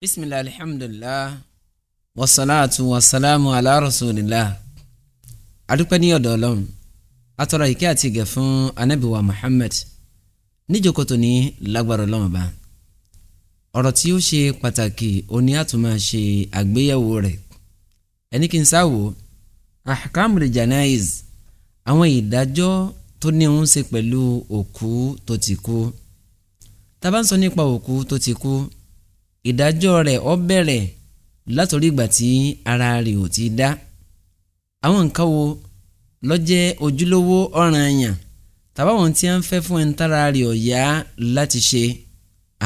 bisimilahi alhamdulilah wasalaatu wasalaamu ala rasulillah adúpẹ́ ní ọ̀dọ̀ Ọlọ́run atọrọ ìkẹ́ àti ìgẹ̀ fún anabiwa Muhammad níjókòtò ní lágbára Ọlọ́run ba ọ̀rọ̀ tí ó ṣe pàtàkì òní àtúmọ̀ ṣe àgbéyẹ̀wò rẹ̀ ẹni kí n sáwò ahkamul janaiz àwọn ìdájọ́ tó ní òun ṣe pẹ̀lú òkú tó ti kú tá bá ń sọ nípa òkú tó ti kú ìdájọ́ rẹ̀ ó bẹ̀rẹ̀ látòrí ìgbà tí ara rẹ̀ ò ti dá àwọn nǹkan wo ló jẹ́ ojúlówó ọ̀ranyàn tàbáwọn tí a ń fẹ́ fún ẹni tára rẹ̀ ò yá láti ṣe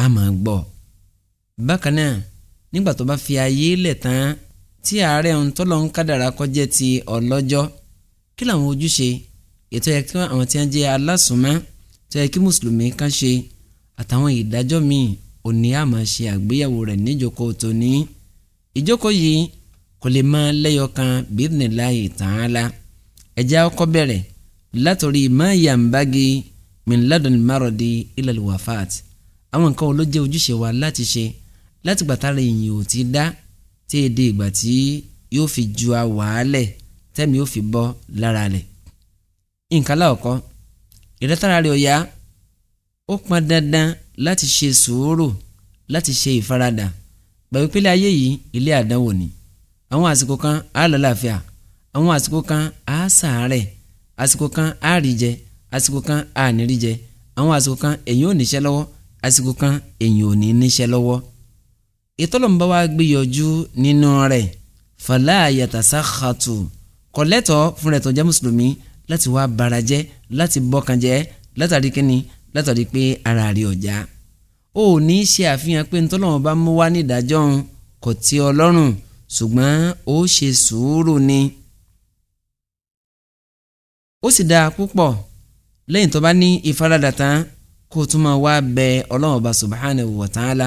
a máa gbọ́ bákan náà nígbà tó bá fi ayé lẹ̀ tán tí àárẹ̀ ń tọ́lọ̀ ń kádàrá kọjẹ́ ti ọlọ́jọ́ kí làwọn ojúṣe ètò yẹ kí àwọn tí wọ́n jẹ́ alásùnmọ́ tó yẹ kí mùsùlùmí kan ṣe àtàwọn ìdájọ́ míì òní a máa ṣe àgbéyàwó rẹ̀ níjókòó tóní ìjókòó yìí kò lè máa lẹ́yọ kan bídìnláì tààlà ẹ̀jẹ̀ ọkọ̀ bẹ̀rẹ̀ látòrí máyàmbági minladun marodi ilal wafat àwọn nǹkan wo ló jẹ́ ojúṣe wa láti ṣe láti gbàtà rẹ̀ yìnyín ò ti dá tí èdè ìgbà tí yóò fi ju àwàálẹ̀ tẹ́mi yóò fi bọ́ lára rẹ̀ nǹkan láòkọ́ ìrẹ́tàrà rẹ̀ ọ̀yá ó pọn dandan láti ṣe sùúrù láti ṣe ìfaradà gbàgbé pélé ayé yìí ilé àdánwò ni àwọn àsìkò kan á lọ láàfíà àwọn àsìkò kan á sàárẹ̀ àsìkò kan á rí jẹ àsìkò kan á nírí jẹ àwọn àsìkò kan èyàn ò níṣẹ́ lọ́wọ́ àsìkò kan èyàn ò ní níṣẹ́ lọ́wọ́ ìtọ́lọ́mùbá wa gbìyànjú nínú rẹ̀ fàlà àyàtàsá xatu kọ̀lẹ́tọ̀ fúnra jẹ́ mùsùlùmí láti wá bara jẹ́ láti bọ́kàn látàrí kínní látàrí pé ara rí ọjà ó ní í ṣe àfihàn pé ntọ́lọ́wọ́n bá mú wá nídàájọ́ kò tí ọ lọ́rùn ṣùgbọ́n ó ṣe sùúrù ni ó sì dáa púpọ̀ lẹ́yìn tó bá ní ìfaradà tán kó o tún máa wá bẹ ọlọ́run ọba subhanahu wa ta'ala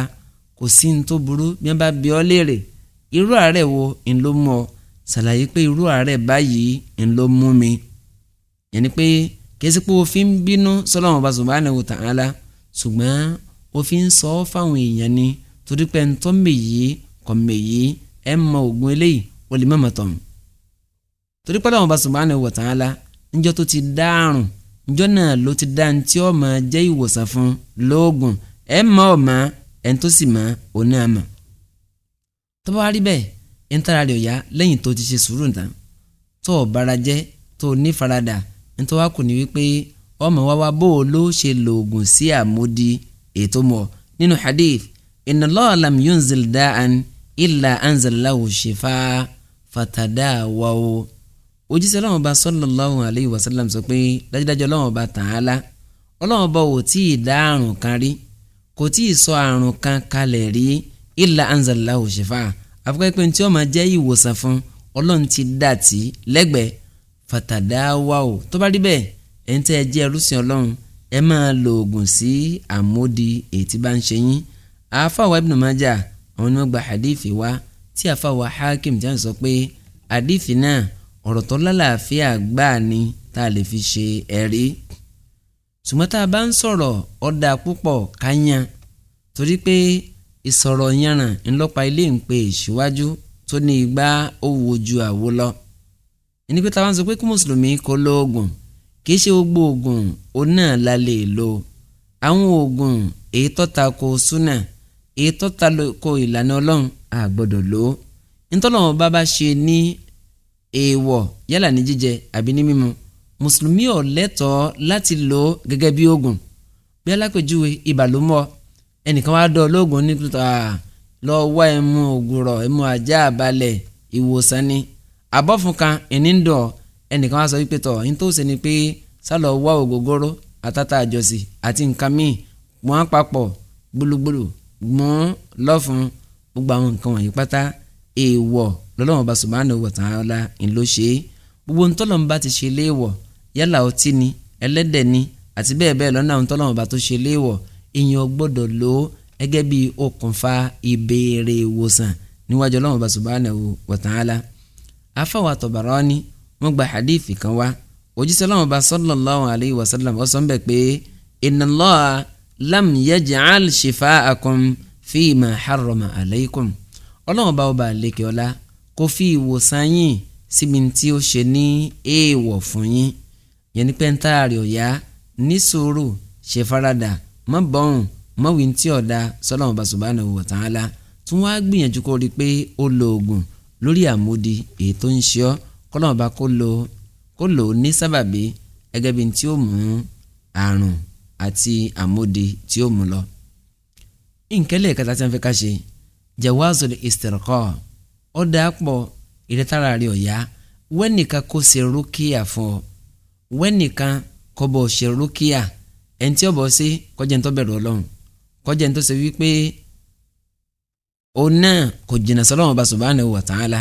kò sí ní tó burú bí wọ́n bá bi ọ́ léèrè irú àárẹ̀ wo ń ló mú ọ ṣàlàyé pé irú àárẹ̀ báyìí ń ló mú mi yẹn ni pé kèsì pé òfin bínú sọlọ́wọ́n bá subhanahu wa ta'ala ṣùgbọ́n òfin sọ ọ́ fáwọn èèyàn ni torí pé ntọ́ mèyí kọ́ mèyí ẹ̀ mọ ògùn eléyìí ó lè mọ̀mọ́ tọ̀m. torí pé Ọlọ́hun bá subhanahu wa ta'ala níjọ́ tó ti dá àrùn níjọ́ náà ló ti dá ní tí jẹ́ ìwòsàn fún lóògùn ẹ̀ mọ̀ ọ̀ ẹ̀ tó sì mọ̀ ọ̀ náà mọ̀. bẹ́ẹ̀ ẹ̀ ń tara rẹ̀ ọ̀yá lẹ́yìn tó ti ṣe sùúrù tán tó ọ̀ bára jẹ́ tó nífaradà nítorí wá kù ní wípé ọmọ wa wá bó o ló ṣe lòògùn sí àmúdi ètò mọ̀ nínú hadith inna Allah lam yunzil da'an illa anzalahu shifa fatadawaw òjíṣẹ́ ọlọ́run ọba sallallahu alayhi wa sallam sọ pé dájúdájú ọlọ́run ọba ta'ala ọlọ́run ọba ò tí ì dá àrùn kan rí kò tí ì sọ àrùn kan kalẹ̀ rí illa anzalahu shifa àfikún pé tí ó máa jẹ́ ìwòsàn fún ọlọ́run ti dà tí lẹ́gbẹ̀ẹ́ fatadawa o tó bá rí bẹ́ẹ̀ ẹ̀ ń tẹ́ ẹ jẹ́ ẹrúsìn ọlọ́run ẹ máa lo oògùn sí àmódi ètí bá ń ṣe yín àáfàwọ̀ Ibn Majah àwọn ni wọ́n gba hadithi wa tí àáfàwọ̀ Hakim ti sọ pé hadithi náà ọ̀rọ̀ tó lálàáfíà gbáà ni tá a lè fi ṣe ẹ̀rí ṣùgbọ́n tá a bá ń sọ̀rọ̀ ọ̀dà púpọ̀ káyàn torí pé ìsọ̀rọ̀ yanràn ńlọ́pàá ilé ń pe ìṣíwájú tó ní igbá ó wojú àwo lọ ẹni pé táwọn sọ pé kí mùsùlùmí kó lo oògùn kì í ṣe gbogbo oògùn òun náà la lè lò àwọn oògùn èyí tó ta ko súnà èyí tó ta ko ìlànà ọlọ́run a gbọ́dọ̀ lò ó nítọ́lọ́wọ́n bá bá ṣe ní èèwọ̀ yálà ní jíjẹ àbí ní mímu mùsùlùmí ò lẹ́tọ̀ọ́ láti lò ó gẹ́gẹ́ bí oògùn bí alápèjúwe ibà ló mọ́ ẹnìkan wá dọ̀ lóògùn nítorí lọ́ọ́ wá ẹmu ògùrọ̀ ẹmu ajá àbálẹ̀ ìwòsàn ni abọ́funkan ìníndọ̀ ẹnìkan wá sọ wípé tọ̀ ní tó ṣe ni pé sálọ wá ògógóró àtàtà àjọsìn àti nǹkan míì wọ́n papọ̀ gbólógbòlò gbọ́n lọ́fun gbogbo àwọn nǹkan wọ̀nyí pátá èèwọ̀ lọ́lọ́wọ́n bá subhanahu wa ta'ala ńlọ ṣe é gbogbo ntọ́lọ́wọ́n bá ti ṣe léèwọ̀ yálà ọtí ni ẹlẹ́dẹ̀ ni àti bẹ́ẹ̀ bẹ́ẹ̀ lọ́nà ntọ́lọ́wọ́n bá tó ṣe léèwọ̀ èèyàn gbọ́dọ̀ lò gẹ́gẹ́ bí okùnfà ìbéèrè ìwòsàn níwájú ọlọ́wọ́n bá subhanahu wa ta'ala afọwọ́ Tabarani wọ́n gba hadith kan wá òjíṣẹ́ ọlọ́run bá sallallahu alayhi wa sallam ó sọ ń bẹ̀ pé inna Allaha lam yaj'al shifa'akum fima harrama alaykum ọlọ́run bá ọba àlekè ọlá kó fi ìwòsàn yín síbi ó ṣe ní èèwọ̀ fún yín yẹn ní pẹ́ńtàárì ọ̀yá ní sùúrù ṣe faradà má bọ́hùn má ọ̀dà sọ́lọ́run bá subhanahu wa ta'ala tún wá gbìyànjú kó rí i pé ó lo oògùn lórí àmúdi èyí tó ń ṣe ọ́ kọ́lọ́mọba kó lò kó lò ní sábàbí gẹ́gẹ́ bí tí ó mú àrùn àti àmúdi tí ó mú lọ. nkẹ́lẹ́ kẹta tí wọ́n fẹ́ ká ṣe jawazul istirqa ó dáa pọ̀ ìrẹ́tara rẹ̀ ọ̀yá wẹ́nìkan kó ṣe rúkìá fún ọ wẹ́nìkan kọ́ bọ̀ ṣe rúkìá ẹni tí ó bọ̀ ṣe kọjá ń tó bẹ̀rù ọlọ́run kọjá ń tó ṣe wípé òun náà kò jìnnà sọlọ́wọ́n bá subhanahu wa ta'ala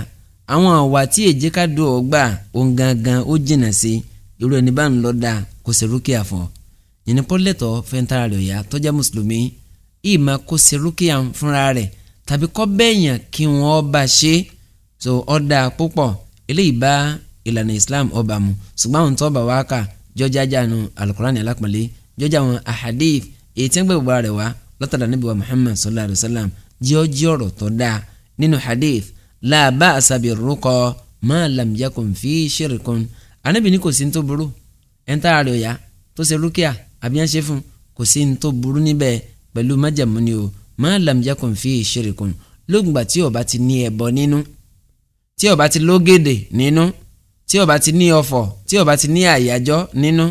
àwọn àwa tí èjì ká dùn ọ́ gbà òun gangan ó jìnnà sí irú ẹni bá ń lọ da kò sí rúkìá fún ọ yìnyín pọ́lẹ́tọ̀ fẹ́ntara rẹ̀ ọ̀yà tọ́jà mùsùlùmí yìí máa kó sí rúkìá fúnra rẹ̀ tàbí kọ́ bẹ́ẹ̀yàn kí wọ́n bá ṣe so ọ̀dà púpọ̀ eléyìí bá ìlànà Islam ọba mu ṣùgbọ́n àwọn tó bá wá kà jọjá jánu alukurani alápọ̀lẹ́ jọjá àwọn ahadif èyí tí wọ́n gbé bàbá rẹ̀ wá látàdá níbi wa Muhammad sallallahu alayhi wa sallam jọ́jọ́ ọ̀rọ̀ tó dáa nínú hadith la ba'sa bir ruqa ma lam yakun fi shirkun anábì ní kò sí ní tó burú ẹni tá a rẹ̀ ọ̀yá tó ṣe rúkìá àbí ẹ̀ ń ṣe fún kò sí ní tó burú níbẹ̀ pẹ̀lú májàmú ni o ma lam yakun fi shirkun lóògbà tí ó bá ti ní ẹbọ nínú tí ó bá ti lógèdè nínú tí ó ti ní ọ̀fọ̀ tí ó ti ní àyájọ́ nínú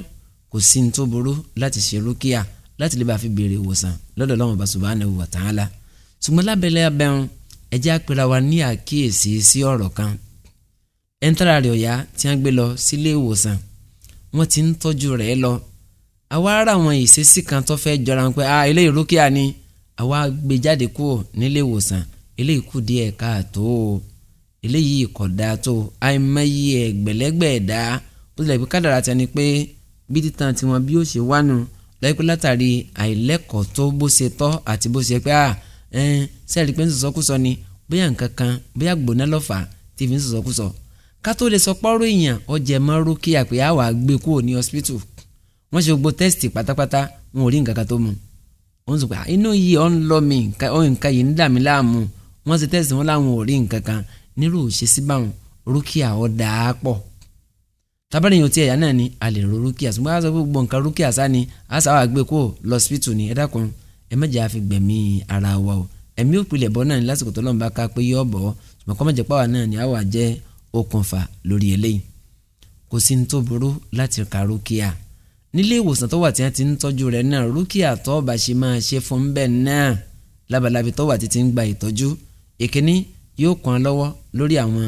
kò sí ní tó burú láti ṣe rúkìá láti lè bá fi béèrè ìwòsàn lọ́dọ̀ Ọlọ́hun Ọba subhanahu wa ta'ala ṣùgbọ́n lábẹ́lẹ́ abẹ́rún ẹ̀jẹ̀ àpèrà wa ní àkíyèsí sí ọ̀rọ̀ kan ẹ̀ńtàrà rẹ̀ ọ̀yá tí wọ́n gbé lọ sílé ìwòsàn wọ́n ti ń tọ́jú rẹ̀ lọ àwa ara àwọn ìṣesí kan tó fẹ́ jọra pé a ah, eléyìí rúkìá ni àwa gbé jáde kúrò nílé ìwòsàn eléyìí kù díẹ̀ káàtó eléyìí kódà tó àìmọye ẹ̀gbẹ̀lẹ́gbẹ̀ẹ́dá ó ti lẹ̀ pé kádàrà ti ẹni pé bí títan tiwọn bí ó ṣe wánu lọ́yẹ́ látàrí àìlẹ́kọ̀ọ́ tó bó ṣe tọ́ àti bó ṣe pé a. Ah, ẹn sẹ́ẹ̀rì pé ń sọ̀sọ́kùsọ ni bóyá nǹkan kan bóyá gbóná lọ́fà tí fi ń sọ̀sọ́kùsọ kátó lè sọ pọ́rọ́ èèyàn ọjà ẹ̀mọ́ rókè àpè àwà gbé kúrò ní hospital wọ́n ṣe gbogbo tẹ́sítì pátápátá wọn ò rí nǹkan kan tó mu wọ́n sọ pé inú yìí ọ̀ ń lọ mi nǹkan yìí ń dà mí láàmú wọ́n ṣe tẹ́sítì wọn láwọn ò rí nǹkan kan nírú òṣè sí báwọn rókìá ọ̀ dàá pọ̀ tábàrin yòó tí ẹ̀yà náà ni a lè ro rókìá ṣùgbọ́n a sọ pé gbọ̀ǹkan ni a ẹ má jẹ́ àfi gbẹ̀mí ara wa o ẹ̀mí òpìlẹ̀ bọ́ náà ní lásìkò tó lọ́nba ká pé yọ bọ̀ ṣùgbọ́n kọ́ mọ̀jẹ̀ pàwọ́ náà ni àwa jẹ́ okùnfà lórí eléyìí kò sí ní tó burú láti ka rúkìá nílé ìwòsàn tó wà tí wọ́n ti ń tọ́jú rẹ̀ náà rúkìá tó bá ṣe máa ṣe fún bẹ́ẹ̀ náà lábalábi tó wà títí ń gba ìtọ́jú ìkíní yóò kàn án lọ́wọ́ lórí àwọn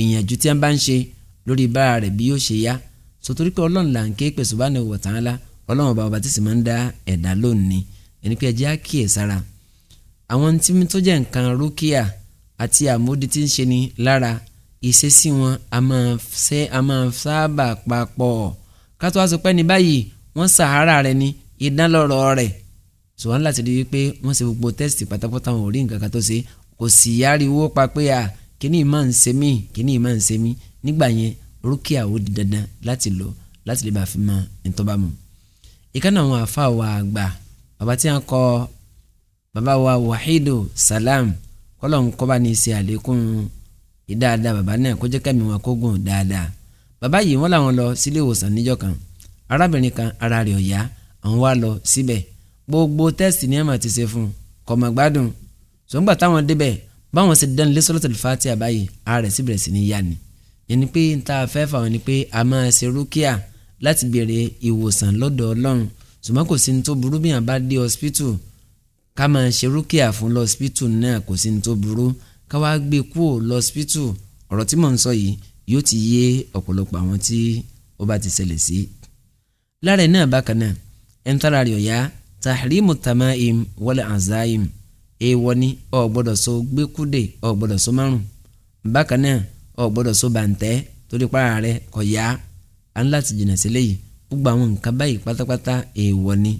ìyànjú tí wọ́n bá ń ṣe lórí bára rẹ̀ bí yóò ṣe yá sotorí pé ọlọ́run là ń ké pèsè bá ní wọ̀tán á ọlọ́run ọba ọba tí sì máa ń dá ẹ̀dá lónìí ẹni pé ẹjẹ́ àkíyè sára àwọn tí tó jẹ́ nǹkan rúkìá àti àmódi tí ń ṣe ni lára ìṣesí wọn a máa ṣe a máa sábà papọ̀ kátó wá sọ pé ní báyìí wọ́n sàárà rẹ ni idán lọ́rọ̀ rẹ̀ ṣùgbọ́n láti rí i pé wọ́n ṣe gbogbo tẹ́sítì pátápátá wọn ò rí nǹkan kan tó ṣe kò sì yáriwó pa pé à kíní ìmọ̀ ń ṣe mí kíní ìmọ̀ ń ṣe mí nígbà yẹn rúkìá ó di dandan láti lò láti lè bá fi mọ ìtọ́ba mu. ìkànnì àwọn àfa wa àgbà bàbá tí a kọ bàbá wa Wahidu Salam kọ́lọ̀ ń kọ́ bá ní í ṣe àlékún ìdáadáa bàbá náà kó jẹ́ kẹ́mi wọn kó gùn dáadáa bàbá yìí wọ́n làwọn lọ sílé ìwòsàn níjọ́ kan arábìnrin kan ara rẹ̀ ò yá àwọn wá lọ síbẹ̀ gbogbo tẹ́sì ní ẹ̀mà ti ṣe fún un kò mọ̀ gbádùn ṣùgbọ́n táwọn débẹ̀ báwọn ṣe dán lé sọ́lọ́tò Fatiha báyìí ara rẹ̀ sì bẹ̀rẹ̀ sí ní yá ẹni pé n ta fẹ́ fà wọn ni pé a máa ṣe rúkìá láti béèrè ìwòsàn lọ́dọ̀ Ọlọ́run ṣùgbọ́n kò sí ní tó burú bí yàn bá dé hospital ká máa ṣe rúkìá fún hospital náà kò sí ní tó burú ká wá gbé kúò lọ́spítù ọ̀rọ̀ tí mò ń sọ yìí yóò ti yé ọ̀pọ̀lọpọ̀ àwọn tí ó bá ti ṣẹlẹ̀ sí. lára náà bákan náà ẹni tára rẹ̀ ọ̀yá tahrimu tamaim wala azaim èèwọ̀ ni ò gbọ́dọ̀ so gbẹ́kúdè ò gbọ́dọ̀ so márùn bákan náà ò gbọ́dọ̀ so bàǹtẹ́ torí para rẹ̀ kọ̀ yá à ń láti jìnnà sílẹ̀ yìí gbogbo àwọn nǹkan báyìí pátápátá èèwọ̀ ni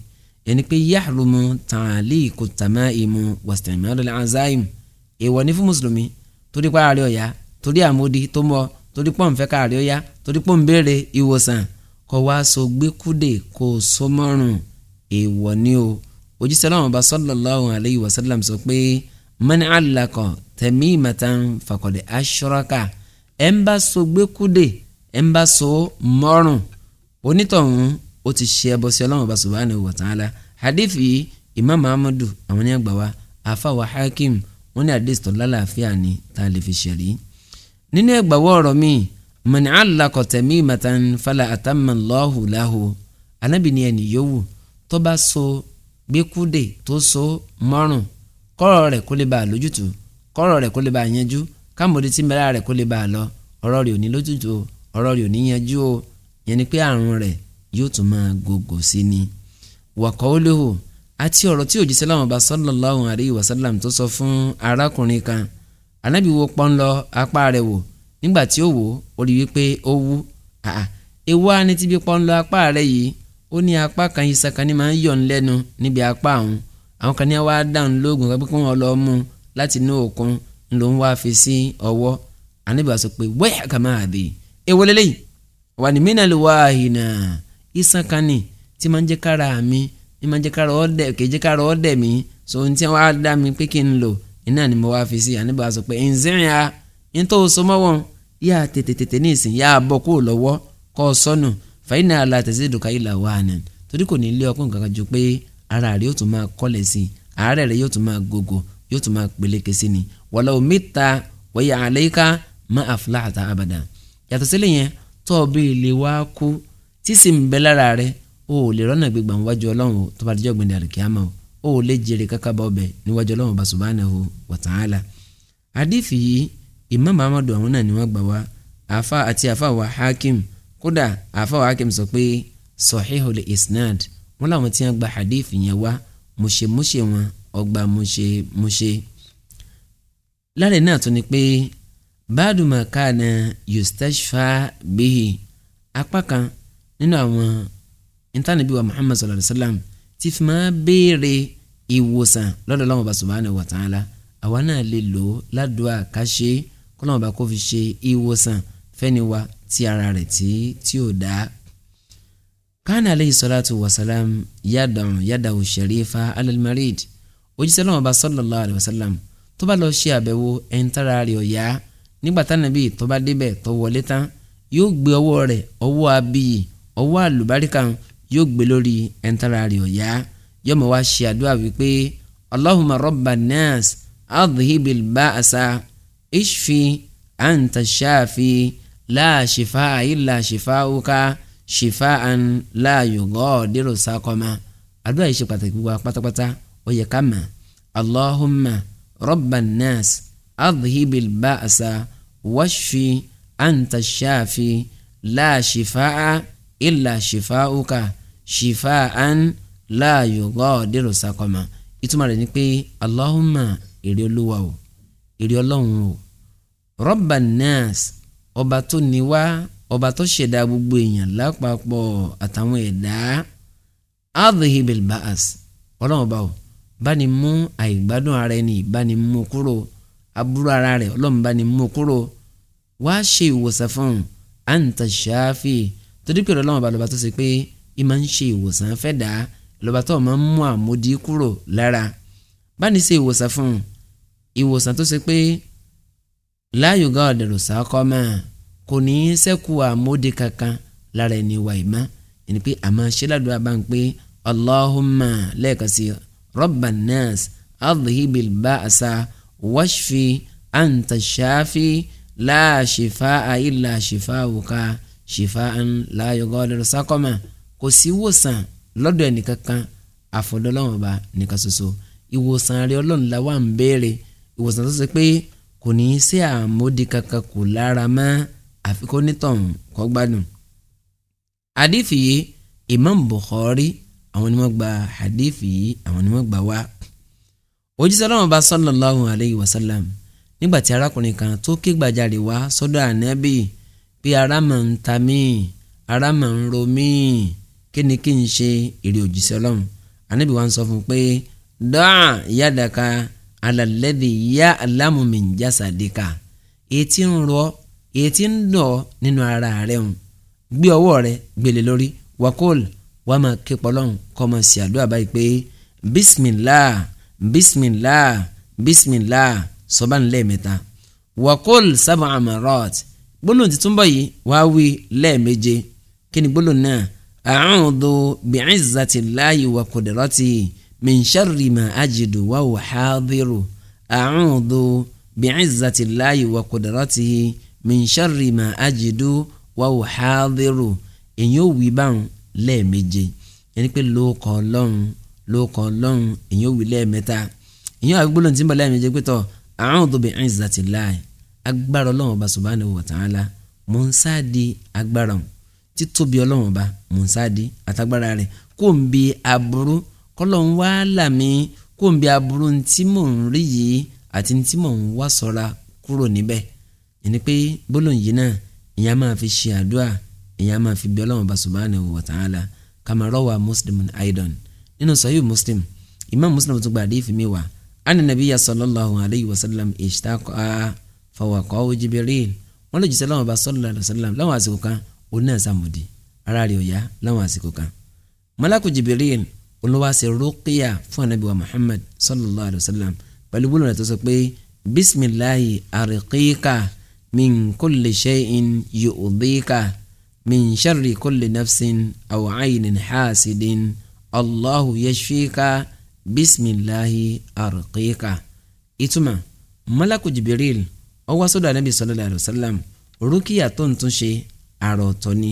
ẹni pé yahrumu ta'liqu tamaimu wasti'malu al-azaim èèwọ̀ ni fún mùsùlùmí torí pa àárẹ̀ ọ̀yá torí àmódi tó mọ́ torí pọ̀ nfẹ́ káàárẹ̀ ọ̀yá torí pọ̀ nbẹ̀rẹ̀ ìwòsàn kọ́ wá so gbé kúdè kó o so mọ́rùn èèwọ̀ ni o òjíṣẹ́ náà ọba sallallahu alayhi wa sallam sọ pé man alakọ tamimatan faqad ashraka ẹ̀ ń bá so gbé ẹ̀ ń bá so mọ́rùn onítọ̀hún ó ti ṣe ẹbọ sí ọlọ́run ọba subhanahu wa ta'ala hadith yìí imam ahmadu àwọn ní àgbà wa afawa hakim wọn ní hadith tó lálàáfíà ni tá a lè fi ṣẹ̀rí. nínú ẹgbàwọ́ ọ̀rọ̀ mi mọ̀nì alákọ̀tẹ̀ mi màtán fàlà àtàmà lọ́hùláhù anábì ni ẹnì yòówù tó bá so gbẹ́kúdè tó so mọ́rùn kọ́rọ̀ rẹ̀ kó lè bá a lójútùú kọ́rọ̀ kó lè bá a yanjú tí mẹ́rà rẹ̀ kó lè bá lọ ọ̀rọ̀ rẹ̀ ò ní lójútùú ọ̀rọ̀ rẹ̀ ò ní yanjú o yẹn ni pé àrùn rẹ̀ yóò tún máa gògò sí ni wàkọ́ ó léhò àti ọ̀rọ̀ tí òjíṣẹ́ láwọn ọba sallallahu alayhi wa sallam tó sọ fún arákùnrin kan anábì wo pọ́nlọ apá rẹ̀ wò nígbà tí ó wò ó rí wípé ó wú àà ewu á ní tíbi pọ́nlọ apá rẹ̀ yìí ó ní apá kan iṣan kan ní máa yọ̀ ń lẹ́nu níbi apá àwọn àwọn kan ní wàá dáhùn lóògùn kan kí wọ́n lọ mú láti inú òkun ló ń wá fi sí ọwọ́ anábì wá sọ pé wẹ́ẹ̀ kà máa dé ewu lélẹ́yìí wà ní mínàlì wáhìnà iṣan kan ní tí máa ń jẹ́ kára mi ní máa ń jẹ́ kára ọ̀dẹ̀ kì í jẹ́ kára ọ̀dẹ̀ mi so ohun tí wọ́n á dá mi pé kí n lò iná ni mo wá fi sí àníbà sọ pé ǹzẹ́rìn a ń tó so mọ́ wọn yá tètè tètè ní ìsìn yá bọ́ kúrò lọ́wọ́ kọ́ sọnù fàyínà alátẹ̀sí ìdùkà ìlà wà ní torí kò ní ilé ọkùnrin kankan ju pé ara rẹ̀ yóò tún máa kọ́lẹ̀ sí i àárẹ̀ rẹ̀ yóò tún máa gògò yóò tún máa peléke sí ni wàlọ́ omi ta wọ́yà má àfúlà àtà yàtọ̀ sílẹ̀ yẹn tó o bí ilé wa kú tí sì ń bẹ lára rẹ o ò lè rọ́nà gbégbà níwájú ọlọ́run o tó bá dijọ́ gbẹ̀dẹ̀ àlùkìyàmá o ò lè jèrè kákábọ̀ ọbẹ̀ níwájú ọlọ́run ọba subhanahu wa ta'ala. àdìfì yìí Imam Ahmadu àwọn náà ni wọ́n gbà wá àfa àti àfa wa Hakim kódà àfa wa Hakim sọ pé sahihul isnad wọn làwọn tí wọ́n gba àdìfì yẹn wá mọ̀ṣẹ̀mọ̀ṣẹ̀ wọn ọgbà mọ̀ṣẹ̀mọ̀ṣẹ̀ lára náà tún ni pé báàdù màkàna yustashfa bihi apá kan nínú àwọn intanẹbi wa muhammad sallallahu alaihi wa sallam ti fi máa béèrè ìwòsàn lọ́dọ̀ Ọlọ́hun Ọba subhanahu wa ta'ala àwa náà lè lò ó ládùúgbà káṣe kọ́lọ́hun Ọba kó fi ṣe ìwòsàn fẹ́ni wa ti ara rẹ̀ tí tí ò dá. kánà aleyhi salatu wa salam yadàn yadàwò sharifa alalmarid òjíṣẹ́ Ọlọ́hun Ọba sallallahu alaihi wa sallam tó bá lọ ṣe àbẹ̀wò ẹ̀ńtàrà rẹ̀ ọ̀yá nígbà tá nàbí tó bá débẹ̀ tó wọlé tán yóò gbé ọwọ́ rẹ̀ ọwọ́ abiyì ọwọ́ àlùbáríkà yóò gbé lórí ẹ̀ńtara rẹ̀ ọ̀yá yóò mọ̀ wá ṣe àdúrà wípé allahumma rabban nas adhibil ba'asa ishfi anta shafi la shifaa illa shifaa'uka shifaa'an la yughadiru saqama àdúrà yìí ṣe pàtàkì wá pátápátá ó adhibil ba'sa washfi anta shafi la shifa'a illa shifa'uka shifa'an la yughadiru saqama ìtumọ̀ rẹ̀ ni pé Allahumma èrè olúwa o èrè ọlọ́run o Rabban nas ọba tó ní wá ọba tó ṣẹ̀dá gbogbo èèyàn lápapọ̀ àtàwọn ẹ̀dá adhibil ba'as ọlọ́run ọba o bá ní àìgbádùn ara ẹni bá ní kúrò aburú ara rẹ̀ ọlọ́run bá ní mú kúrò wá ṣe ìwòsàn fún un àǹtà ṣááfì torí pé ọlọ́run bá lọ́ba tó ṣe pé ì máa ń ṣe ìwòsàn fẹ́ dà á lọ́ba tó máa ń mú àmódi kúrò lára bá ṣe ìwòsàn fún ìwòsàn tó ṣe pé láàyò gá ọ̀dẹ̀rọ̀ máa kò ní í sẹ́kù àmódi kankan lára ẹni wà ìmọ̀ ẹni pé àmọ́ ṣe ládùúgbò bá ń pé Allahumma lẹ́ẹ̀kan sí Rabban nas adhibil wáṣfì àǹtà ṣáfì láàṣìfà àìlà ṣìfà òkà ṣìfà àn láyọgọ́ ọ̀dọ̀rọ̀ sákọ́mà kò sí wòsàn lọ́dọ̀ ẹnìkankan àfọ̀dọ́lọ́wọ̀n ọba nìkan ṣoṣo ìwòsàn rẹ ọlọ́run la wà ń béèrè ìwòsàn tó ṣe pé kò ní í ṣe àmódi kankan kò lára mọ́ àfikún nítọ̀hún kọ́ àdìfì yìí Imam Bukhari àwọn ni gba àdìfì yìí àwọn ni gba wá òjíṣẹ́ ọlọ́run bá sallallahu alayhi wa sallam nígbà tí arákùnrin kan tó ké gbàjarè wá sọ́dọ̀ ànábì pé ara mà ń ta mí ara mà ń ro mí kí ni kí n ṣe èrè òjíṣẹ́ ọlọ́run ànábì wa ń sọ fún un pé dáa yadaka alalẹ́dì yá alámùmí jásadìka etí ń rọ etí ń dọ̀ nínú ara rẹ̀ ń gbé ọwọ́ rẹ̀ gbélé lórí wakol wàá máa ké pọ́lọ́n àdúrà báyìí pé bismillah bisimilah bisimilah sọ́bàn lẹ́ẹ̀mẹ́ta wakol sábà amarot gbólóhùn tuntun bọ̀ yìí wàá wí lẹ́ẹ̀méje kí ni gbólóhùn náà a'udhu bi'izzatillahi wa qudratihi min sharri ma ajidu wa huwa hadiru a'udhu bi'izzatillahi wa qudratihi min sharri ma ajidu wa huwa hadiru èyí ò wí báwọn lẹ́ẹ̀méje yẹn lóko ọlọ́run èyàn ò wí lẹ́ẹ̀mẹ́ta èyàn àwọn gbólóhùn tí ń bọ̀ lẹ́ẹ̀mejì pé tọ́ a'udhu bi izzatillah agbára ọlọ́run ọba subhanahu wa ta'ala mò ń sáàdì agbára òun títóbi ọlọ́run ọba mò ń sáàdì àtagbára rẹ̀ kò ń bi aburú kọ́lọ́n wá là mí kò ń bi aburú tí mò ń rí yìí àti tí mò ń wá sọ́ra kúrò níbẹ̀ ẹni pé gbólóhùn yìí náà èyàn máa fi ṣe àdúrà èyàn máa fi bi ọlọ́run ọba subhanahu wa ta'ala kàmá rawa Muslimun aidan nínú sahih muslim imam muslim tún gba àdéhìí mi wá anna nabiyya sallallahu alayhi wa sallam ishtaqa fawaqahu jibril wọn lè jùsọ láwọn ọba sallallahu alayhi wa sallam láwọn àsìkò kan òun náà sàmùdì ara rẹ̀ ò yá láwọn àsìkò kan malaku jibril olùwà rúkìá fún anabi wa muhammad sallallahu alayhi wa sallam pẹ̀lú gbólóhùn rẹ̀ tó sọ pé bisimilahi arikika min kulli shay'in yu'dhika min sharri kulli nafsin aw aynin hasidin allahu yashfika bisimilahi arqika ìtumọ̀ malaku jibril ó wá sọ́dọ̀ anabi sallallahu alayhi wa sallam rúkìá tó ń tún ṣe àrò ọ̀tọ̀ ni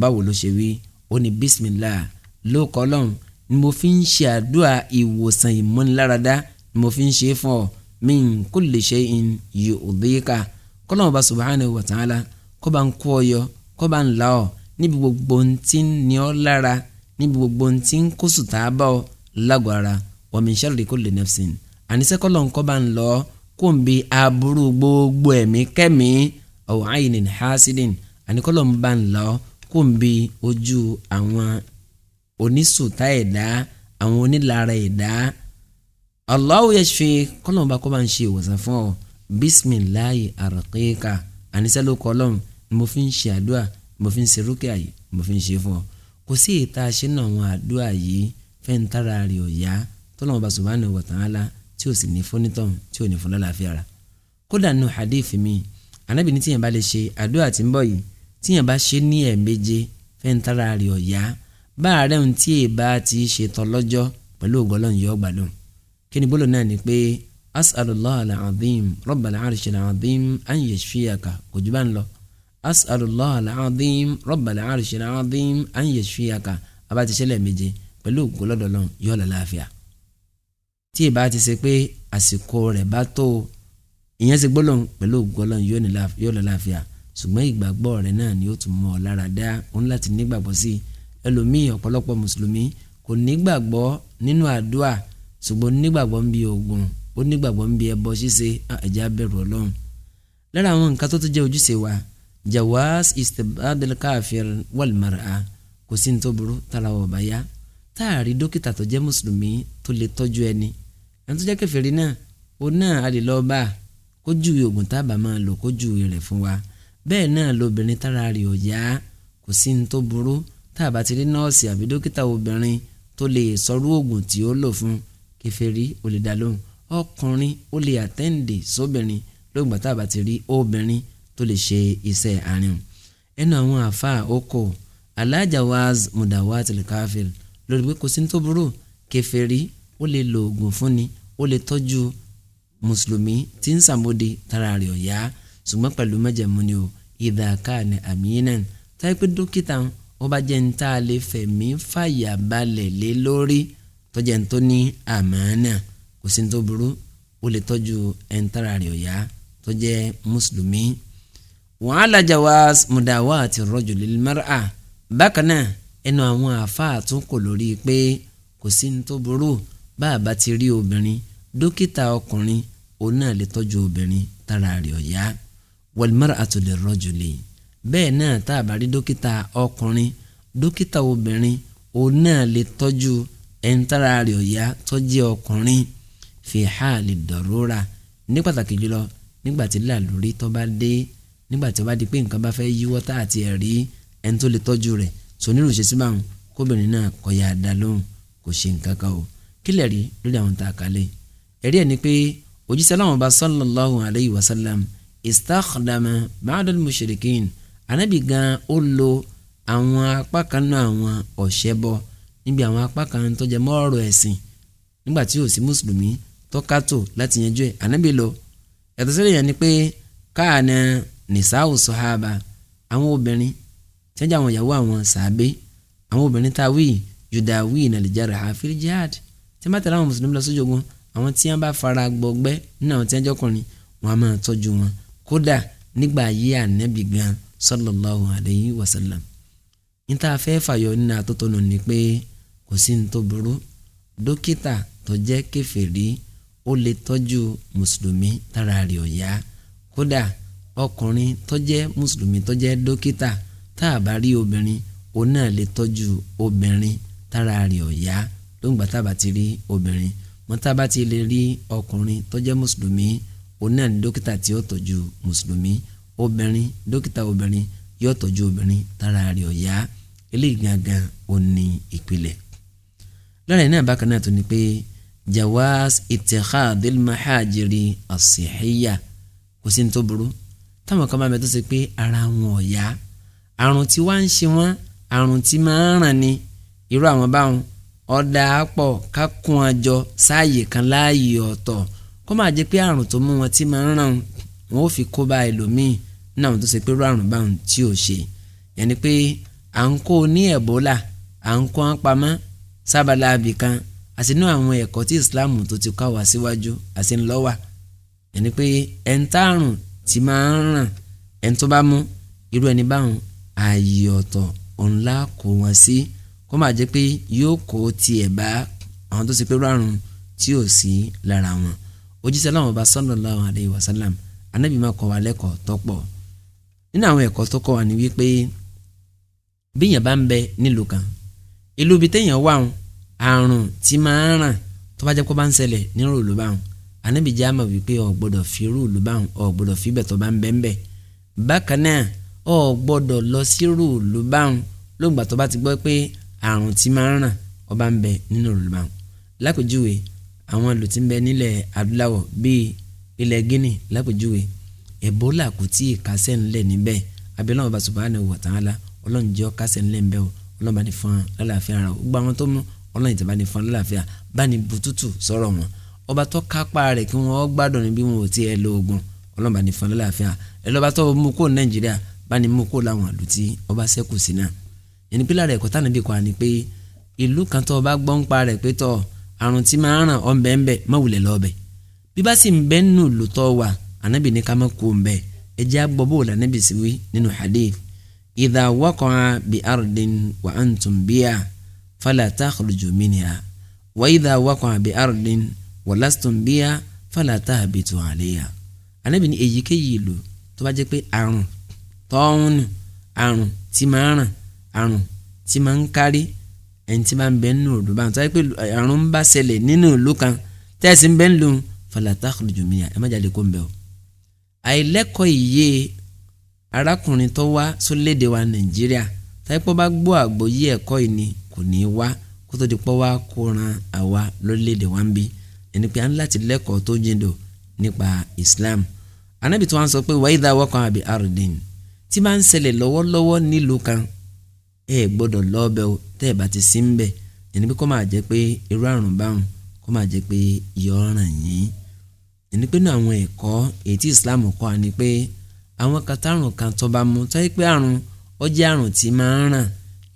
báwo ló ṣe wí ó ní bisimilah ló kọ́ lọ́hùn ni mo fi ń ṣe àdúrà ìwòsàn ìmúniláradá ni mo fi ń ṣe fún ọ min kulli shay'in yu'dhika kọ́lọ́hùn bá subhanahu wa ta'ala kó bá ń kó ọ yọ bá ń là ọ níbi gbogbo ń ti ọ lára níbi gbogbo ohun tí ń kó sùtà bá ọ lágọ̀ọ́ ara wa min sharri kulli nafsin àníṣẹ́ kọ́lọ̀ ńkọ́ bá ń lọ kó ń bi aburú gbogbo ẹ̀mí kẹ́mi aw aynin hasidin àníkọ́lọ̀ ń bá ń lọ kó ń bi ojú àwọn onísùtà ẹ̀dá àwọn onílara ẹ̀dá Allahu yashfi kọ́lọ̀ ń bá kọ́ bá ń ṣe ìwòsàn fún ọ bisimilayi arqika àníṣẹ́ mo fi ń ṣe àdúrà mo fi ń ṣe rúkìá yìí mo fi ń ṣe fún ọ kò sí ìta sínú àwọn àdúrà yìí fẹ́ntara rẹ̀ ọ̀yá tọ́lọ́mọba subhanahu wa ta'ala tí ò sì ní fónítàn tí ò ní fún lálàáfíà rà kódà nù hadith mi anábì ní tíyẹn bá lè ṣe àdúrà tí ń bọ̀ yìí tíyẹn bá ṣe ní ẹ̀ẹ̀méje fẹ́ntara rẹ̀ ọ̀yá bá àárẹ̀ ń tí èèbá ti ṣe tọ́lọ́jọ́ pẹ̀lú ògbọ́lọ́n as'alullah al-azim rabbal arshi al-azim an yashfiyaka abáti ṣẹlẹ̀ méje pẹ̀lú ògùn lọ́dọọlọ́n yóò lọ láàfíà tí ìbá ti ṣe pé àsìkò rẹ̀ bá tó ìyẹn ṣe gbólóhùn pẹ̀lú ògùn ọlọ́run yóò lọ láàfíà ṣùgbọ́n ìgbàgbọ́ rẹ̀ náà ni ó tún mọ́ ọ lára dá òun láti nígbàgbọ́ sí ẹlòmíì ọ̀pọ̀lọpọ̀ mùsùlùmí kò nígbàgbọ́ nínú àdúà ṣùgbọ́n nígbàgbọ́ ń bi ògùn ó nígbàgbọ́ ń bi ẹbọ ṣíṣe ẹ̀já bẹ̀rù ọlọ́run lára àwọn nǹkan tó tún jẹ́ ojúṣe wa jawaaz istibadil káfíìr wal mar'a kò sí ní tó burú tara ọba ya táàrí dókítà tó jẹ́ mùsùlùmí tó lè tọ́jú ẹni ẹni tó jẹ́ kèfèrí náà òun náà a lè lọ bá a kó júwe oògùn tábà máa lò kó júwe rẹ̀ fún wa bẹ́ẹ̀ náà lobìnrin tára rè ò kò sí ní tó tábà ti rí nọ́ọ̀sì àbí dókítà obìnrin tó lè sọrú oògùn tí ó lò fún kèfèrí ó lè dá lóhùn ọkùnrin ó lè àtẹ́ǹdè sóbìnrin lóògbà tábà ti rí obìnrin tó lè ṣe iṣẹ́ àárín ẹnu àwọn àáfàá oko alájàwaz mudawat alkafir lórí pé kò sí ní tó burú kèfèrí ó lè lo oògùn fúnni ó lè tọ́jú mùsùlùmí tí ń sàmódì tara rẹ̀ ọ̀yá ṣùgbọ́n pẹ̀lú májẹ̀mú ni o ìdàkà ni àmìínàn táyé pé dókítà ó bá jẹ́ ní tá a lè fẹ̀mí fàyà balẹ̀ lé lórí tọ́jà ń tó ní àmàánà kò sí tó burú ó lè tọ́jú ẹ̀ńtara rẹ̀ ọ̀yá tó mùsùlùmí wa ala jawaz mudawati rajuli lil mar'a bákan náà ẹnu àwọn àáfàá tún kò lórí pé kò sí ní tó burú bá a bá ti rí obìnrin dókítà ọkùnrin òun náà lè tọ́jú obìnrin tára rẹ̀ ọ̀yá wal mar'atu lir rajuli bẹ́ẹ̀ náà tá a bá rí dókítà ọkùnrin dókítà obìnrin òun náà lè tọ́jú ẹni tára rẹ̀ ọ̀yá tọ́jú ọkùnrin fi hali darura ní pàtàkì jùlọ nígbà tí làlórí tó bá dé nígbà tí ó bá di pé nǹkan bá fẹ́ yíwọ́ tá àti ẹ̀rí ẹni tó lè tọ́jú rẹ̀ sonírò ṣe sí báwọn kóbìnrin náà kọ̀ yà dá lóhùn kò ṣe nǹkan kan o kí lè rí lórí àwọn tá a kalẹ̀ ẹ̀rí ẹ̀ ni pé òjíṣẹ́ aláwọn ọba sallallahu alayhi wa sallam istakhdama ba'dal mushrikin anabi gan ó lo àwọn apá kan náà àwọn ọ̀ṣẹbọ níbi àwọn apá kan tó jẹ mọ́ ẹ̀sìn nígbà ò sí mùsùlùmí tó kátó láti yanjú ẹ̀ anabi lọ ẹ̀tọ́ yẹn ni pé káà náà nìsáwù sọ̀hábà àwọn obìnrin tẹ́jà àwọn ìyàwó àwọn sàábé àwọn obìnrin tá a wí yudawi nàlìjára àfírí jihad tí wọ́n bá tẹ̀lé àwọn mùsùlùmí lọ sójú ogun àwọn tí wọ́n bá fara gbọgbẹ́ nínú àwọn tí wọ́n jọkùnrin wọn a máa tọ́jú wọn kódà nígbà ayé ànábì gan sallallahu alayhi wa níta fẹ́ fàyọ nínú àtótónu ni pé kò sí ní tó burú dókítà tó jẹ́ kèfèrí ó lè tọ́jú mùsùlùmí tára rẹ̀ ò kódà ọkùnrin tó jẹ́ mùsùlùmí tó jẹ́ dókítà tá a bá rí obìnrin òun náà lè tọ́jú obìnrin tára rẹ̀ ò yá lóńgbà tá a bá ti rí obìnrin mọ́ tá a bá ti lè rí ọkùnrin tó jẹ́ mùsùlùmí òun náà ní dókítà tí ó tọ́jú mùsùlùmí obìnrin dókítà obìnrin yóò tọ́jú obìnrin tára rẹ̀ ò eléyìí gangan òun ìpìlẹ̀ lọ́rẹ̀ náà bákan náà tó ni pé jawaz itikhadil mahajiri asihiyya kò sí ní tó burú táwọn kan bá mẹ tó ṣe pé ara wọn ò yá àrùn tí wá ń ṣe wọn àrùn tí máa ń ràn ni irú àwọn báwọn ọ̀dà àpọ̀ kákun àjọ sáàyè kan láàyè ọ̀tọ̀ kó máa jẹ́ pé àrùn tó mú wọn tí máa ń ràn wọn ò fi kó bá ẹlòmíì ní àwọn tó ṣe pé irú àrùn báwọn tí ò ṣe yẹn ni pé à ń kó ní ẹ̀bólà à ń kó pamọ́ sábàlá abìkan àsínú àwọn ẹ̀kọ́ tí Islam tó ti kọ́ wá síwájú àsínlọ́wà yẹn ni pé ẹ̀ńtàrùn tí máa ń ràn ẹni tó bá mú irú ẹni báwọn ààyè ọ̀tọ̀ ńlá kó wọn sí kó má jẹ́ pé yóò kó tiẹ̀ bá àwọn tó ṣe pé rárun tí ò sí lára wọn òjíṣẹ́ láwọn ọba sallallahu alayhi wa sallam anábì máa kọ́ wa lẹ́kọ̀ọ́ tọ́pọ̀ nínú àwọn ẹ̀kọ́ tó kọ́ wa ni wípé bíyàn bá ń bẹ nílùú kan ìlú ibi téèyàn wà àrùn tí máa ń ràn tó bá jẹ́ kó bá ń ṣẹlẹ̀ nírò ló bá ń anabi jẹ́ àmọ̀ wípé ọ̀ gbọ́dọ̀ fi rúùlù báwọn ọ̀ gbọ́dọ̀ fi bẹ̀tọ̀ bá ń bẹ́ńbẹ́ bákan náà ọ̀ gbọ́dọ̀ lọ sí rúùlù báwọn lóògbà tó bá ti gbọ́ pé àrùn ti máa ń ràn ọba ń bẹ nínú rúùlù báwọn. lápèjúwe àwọn ìlú tí ń bẹ nílẹ̀ adúláwọ̀ bíi ilẹ̀ Guinea lápèjúwe Ebola kò tí ì kásẹ̀ ńlẹ̀ níbẹ̀ abiyaná ọba subhanahu wa ta'ala ọlọ́njẹ́ kásẹ̀ ńlẹ̀ ńbẹ́ o ọlọ́ba ní fún wọn bá ní fún wọn bututu sọ̀rọ̀ ọba tó kápá rẹ̀ kí wọ́n gbádùn ní bí wọn ò ti ẹ lo oògùn ọlọ́ba ní fúnlẹ́ láàfin ẹ lọ́ba tó mú kó nàìjíríà bá ní mú kó làwọn àlù tí ọba sẹ́kù sí náà ẹni pílà rẹ̀ kọ́tà níbi kan ni pé ìlú kan tó ọba gbọ́n pa rẹ̀ pé tọ́ àrùn tí máa ń ràn ọ́ nbẹ́nbẹ́ má wulẹ̀ lọ́ọ̀bẹ̀ bí bá sì ń bẹ́ nù lò tọ́ wa ànábì ní ká má kó nbẹ́ ẹ jẹ́ àgbọ̀ wọ̀lásítọ̀n bíyà fàlàtà àbètò àléyà anábì ní èyíkéyìí ìlú tó bá jẹ́ pé àrùn tọ́hún ni àrùn tí máa ń ràn àrùn tí máa ń kárí ẹni tí máa ń bẹ nínú òdùbà tó yẹ pé àrùn ń bá ṣẹlẹ̀ nínú ìlú kan tẹ́sí ń bẹ ń lòun fàlàtà àkùrùjù ẹ má jáde kó ń bẹ o. àìlẹ́kọ̀ọ́ ìyé arákùnrin tó wá sólédè wa nàìjíríà táyipọ́ bá gbọ́ àgbọ́yé ẹ̀kọ́ ìní kò ní í wá kó tó wá kó àwa lórílẹ̀ wa ń bí ẹni pé à ń láti lẹ́kọ̀ọ́ tó jìndò nípa Islam anabi tí wọ́n sọ pé wàá ìdá wọ́kàn àbí arudin tí máa ń ṣẹlẹ̀ lọ́wọ́lọ́wọ́ nílùú kan ẹ gbọ́dọ̀ lọ́ọ́bẹ̀ o tẹ́ ẹ bá ti sí ń bẹ̀ ẹni pé kó máa jẹ́ pé irú àrùn báwọn kó máa jẹ́ pé yọ̀ọ̀ràn yín ẹni pé náà àwọn ẹ̀kọ́ èyí tí Islam kọ́ ni pé àwọn katárùn kan tó bá mú táyé pé àrùn ó jẹ́ àrùn tí máa ń ràn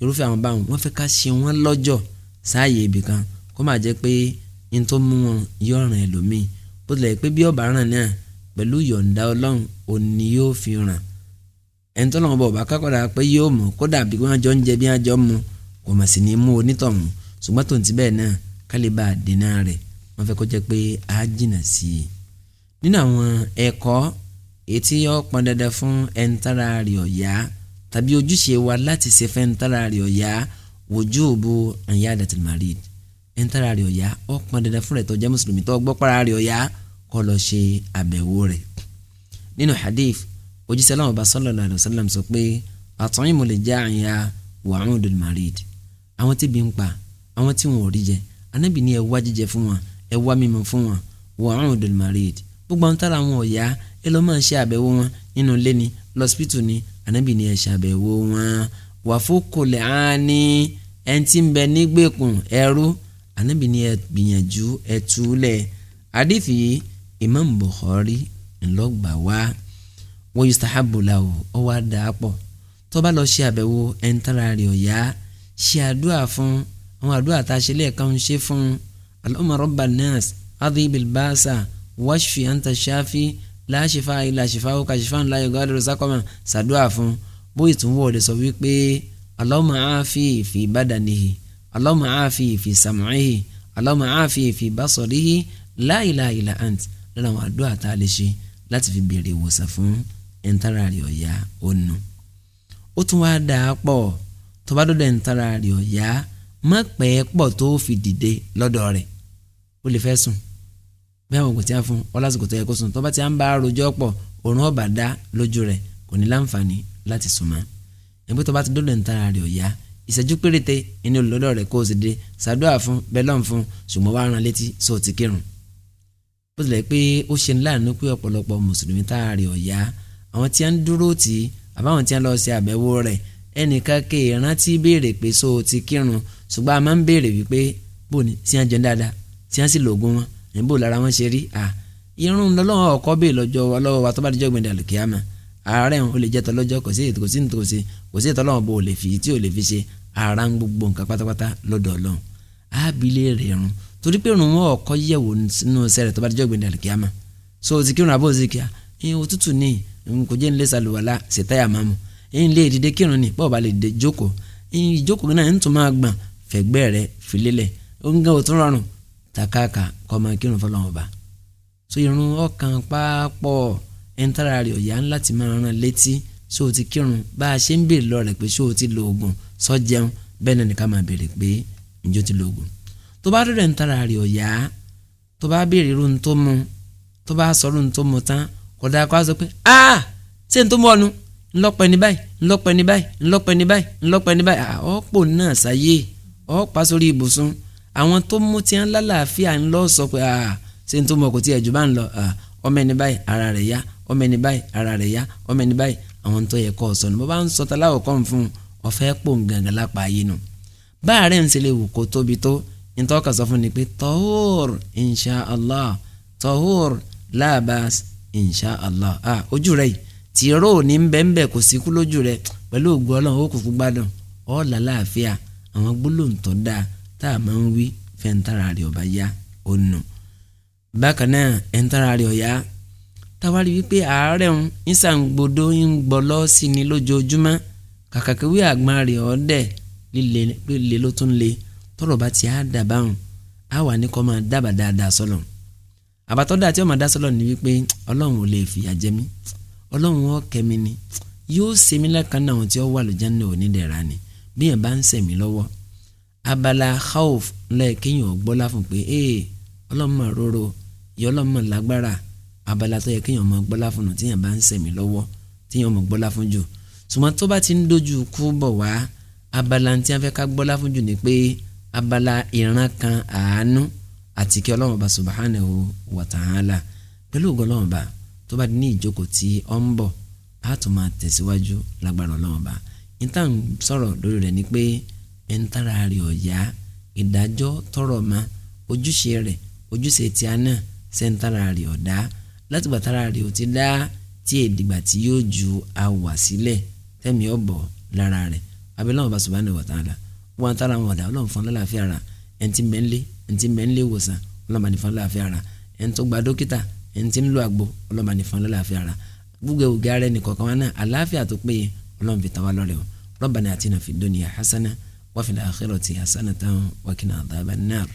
irúfẹ́ àwọn báwọn wọ́n fẹ́ ká ṣe wọ́n lọ́jọ́ sáàyè ibì kan kó máa jẹ́ pé yín tó mú wọn yóò ràn ẹlòmíì bó tilẹ̀ pé bí ọba ràn náà pẹ̀lú yọ̀ǹda ọlọ́run òní yóò fi ràn ẹni tó lọ́wọ́ bọ̀ ọba kákọ́ra pé yóò mú kódà bí wọ́n jọ ń jẹ bí wọ́n jọ mu kò mà sí ní mú onítọ̀hún ṣùgbọ́n tòun ti bẹ́ẹ̀ náà kálíbà dènà rẹ̀ wọ́n fẹ́ kó jẹ́ pé á jìnà sí i nínú àwọn ẹ̀kọ́ etí ó pọn dandan fún ẹ̀ńtara rẹ̀ ọ̀yá tàbí ojúṣe wa láti ṣe fẹ́ ẹ̀ńtara rẹ̀ ọ̀yá wòjú òbu àyà ẹ̀ńtàrà rẹ̀ ọ̀yá ó pọn dandan fún rẹ̀ tó jẹ́ mùsùlùmí tó gbọ́ para rẹ̀ ọ̀yá kó lọ ṣe àbẹ̀wò rẹ̀. nínú hadith òjíṣẹ́ aláwọ̀ bá sallallahu alaihi wasallam sọ pé at'imul ja'iya wa'udul marid àwọn tí bí ń pa àwọn tí wọn ò rí jẹ anábì ní ẹ jíjẹ fún wọn ẹ mímu fún wọn wa'udul marid gbogbo àwọn tára wọn ọ̀yá ẹ lọ́ máa ṣe àbẹ̀wò wọn nínú ilé ni lọ́sípítù ni anábì ní ẹ ṣàbẹ̀wò wọn wàfó kò ẹni tí ń bẹ nígbèkùn ẹrú anabi ni ẹ gbìyànjú ẹ túlẹ̀ àdìfì imam bukhari ńlọgbà wá wọ́n yustahabu lahu ọ wá dà á pọ̀ tó bá lọ ṣe àbẹ̀wò ẹ̀ńtara rẹ̀ ọ̀yá ṣe àdúrà fún àwọn àdúrà tá a ṣe lẹ́ẹ̀kan ń ṣe fún allahumma rabban nas adhibil basa washfi anta shafi la shifa illa shifauka shifaan la yughadiru ṣàdúrà fún bóyì tún wọ̀ ọ́ lè sọ wípé allahumma afi fi badanihi Allahumma aafi fi sam'ihi Allahumma aafi fi basarihi la ilaha illa ant lọ́la àwọn àdúrà tá a lè ṣe láti fi béèrè ìwòsàn fún ẹ̀ńtara rẹ̀ ọ̀yá ònu. ó tún wá dà á pọ̀ tó bá dọ́dọ̀ ẹ̀ńtara rẹ̀ ọ̀yá má pẹ́ pọ̀ tó fi dìde lọ́dọ̀ rẹ̀ ó lè fẹ́ sùn bí àwọn òkùnkùn tí a fún ọ lásìkò tó yẹ kó sùn tó bá ti à ń bá rojọ́ pọ̀ òórùn ọ̀bà lójú rẹ̀ kò ní láǹfààní láti sùn mọ́ ẹ̀ńpẹ́ tó bá ti dọ́dọ̀ ẹ̀ńtara rẹ̀ ọ̀yá ìṣẹ́jú péréte ẹni olùlọ́dọ̀ rẹ̀ kó o sì dé ṣàdúrà fún bẹ́lọ́n fún ṣùgbọ́n wàá rán létí sọ ti kírun. bó tilẹ̀ pé ó ṣe láàánú pé ọ̀pọ̀lọpọ̀ mùsùlùmí tá a rí ọ̀yá àwọn tí a ń dúró tì í àbáwọn tí a lọ ṣe àbẹ̀wò rẹ̀ ẹnìkan kè é rántí béèrè pé sọ ti kírun ṣùgbọ́n a máa ń béèrè wípé bò ní tí a jẹun dáadáa tí a sì lògùn wọn ìbò lára wọn ṣe rí à irun lọ́lọ́wọ́ ọkọ bẹ́ẹ̀ lọ́jọ́ wa wa tó bá dijọ́ gbẹ̀dẹ̀ àlùkìyàmá àárẹ̀ ń o lè jẹ́ tọ́lọ́jọ́ kò sí ètò kò sí ní tòsí kò sí ìtọ́lọ́wọ́n bó o lè fi tí o lè fi ṣe ara ń gbogbo nǹkan pátápátá lọ́dọ̀ ọlọ́run ábílẹ̀ rẹ̀ rún torí pé rún wọn ọkọ yẹ̀wò nínú sẹ́rẹ̀ tó bá dijọ́ gbẹ̀dẹ̀ àlùkìyàmá so ti kírun àbọ̀ òsì kíá ẹ̀yin òtútù ní kò jẹ́ nílé sàlùwàlà ṣètáyà máa mu ẹ̀yin lè dìde kírun ní bọ́ọ̀ bá lè dìde jókòó ẹ̀yin ìjókòó náà ń tún máa gbọ̀n fẹ̀gbẹ́ rẹ̀ filélẹ̀ so irun ọkàn pápọ̀ ẹ̀ńtara rẹ̀ ọ̀yà ńlá ti máa rán létí ṣó o ti kírun bá a ṣe ń béèrè lọ rẹ̀ pé ṣó o ti lo oògùn sọ jẹun bẹ́ẹ̀ náà nìkan máa béèrè pé ǹjẹ́ o ti lo oògùn tó bá rẹ̀ ẹ̀ńtara rẹ̀ ọ̀yà tó bá béèrè irú ń tó mu tó bá sọ irú ń tó mu tán kódà kó a sọ pé ah ṣé n tó mú ọnu ńlọpẹ ní báyìí ńlọpẹ ní báyìí ńlọpẹ ní báyìí ńlọpẹ ní báyìí ah, ọ̀pọ̀ náà ṣàyè ọ̀pá sórí ibùsùn àwọn tó mú tí ń lálàáfíà ńlọ sọ pé ah ṣé n tó mú ọkọ̀ tí ẹ̀jú bá ń lọ ah, ọmọ ẹni báyìí ara rẹ̀ yá ọmọ ẹni báyìí ara rẹ̀ yá ọmọ ẹni báyìí àwọn tó yẹ kọ́ sọnù bó bá ń sọta láwọ̀ kọ́ fún ọ̀fẹ́ pò ń gàngàn lápá ayé nu báàrẹ̀ ń ṣẹlẹ̀ wù kó tóbi tó nítorí ọkà sọ fún ni pé tọ́húr insha allah tọ́húr láàbàs insha allah ah ojú rẹ̀ tí ró ní bẹ́ẹ̀nbẹ́ kò síkú lójú rẹ̀ pẹ̀lú ògùn ọlọ́run ó kúkú gbádùn ọ́ làlàáfíà àwọn gbólóhùn tó dáa tá a máa ń wí fẹ́ntara rẹ̀ ọ̀bá yá ó bákan náà ẹ̀ntara rẹ̀ ọ̀yá tawari wípé àárẹ̀ ń ìsàngbodò ń gbọ́lọ́ sí ni lójoojúmọ́ kàkàkíwé àgbọn rẹ̀ ọ̀dẹ̀ líle ló tún le tọrọ bá ti á dàbà hàn á wà ní kọ́ máa dábà dáadáa sọ́lọ̀ àbátọ́dá tí ó sọ́lọ̀ ni wípé ọlọ́run ò lè fìyà jẹ mí ọlọ́run ó kẹ́ mi ni yóò ṣe mí lẹ́kan náà tí ó wà lójà ní onídẹ̀ra ni bí yẹn bá ń ṣẹ̀ mí lọ́wọ́ abala khawf lẹ́ẹ̀kẹ́yìn ọ̀gbọ́lá fún pé ee ọlọ́run mà róró ìyá ọlọ́run mà lágbára abala tó yẹ kéèyàn máa gbọ́lá fún un téèyàn bá ń sẹ̀mí lọ́wọ́ téèyàn máa gbọ́lá fún jù ṣùgbọ́n tó bá ti ń dojú kú bọ̀ wá abala tí a fẹ́ ká gbọ́lá fún jù ni pé abala ìran kan àánú àti kí ọlọ́run bá subhanahu wa ta'ala pẹ̀lú ògo ọlọ́run bá tó bá ní ìjókòó tí ó ń bọ̀ á tún máa tẹ̀síwájú lágbára ọlọ́run bá níta ń sọ̀rọ̀ lórí rẹ̀ ni pé ẹ̀ ń tára rẹ̀ ọ̀yá ìdájọ́ tọrọ ma ojúṣe rẹ̀ ojúṣe tí a náà ṣe ń tára rẹ̀ ọ̀dá láti gbà tára rẹ̀ ò ti dá tí èdìgbà tí yóò ju awà sílẹ̀ tẹ̀mí ọ̀bọ̀ lára rẹ̀ abẹ́láwọn bá subhanahu wa ta'ala wọn tára wọn ọ̀dà ọlọ́run fún ọlọ́láàfíà ara ẹ̀ǹtí mẹ́ńlé ẹ̀ǹtí mẹ́ńlé wòsàn ọlọ́mọdé fún ọlọ́láàfíà ara ẹ̀ǹtó gba dókítà ẹ̀ǹtí ń lo àgbo ọlọ́mọdé fún ọlọ́láàfíà ara gbogbo ògì ara ẹni kọ̀ọ̀kan wọn náà àlàáfíà tó péye ọlọ́run fi tàwa lọ́rẹ̀ o Rabbana atina fid dunya hasana wa fil akhirati hasanatan wa qina adhaban nar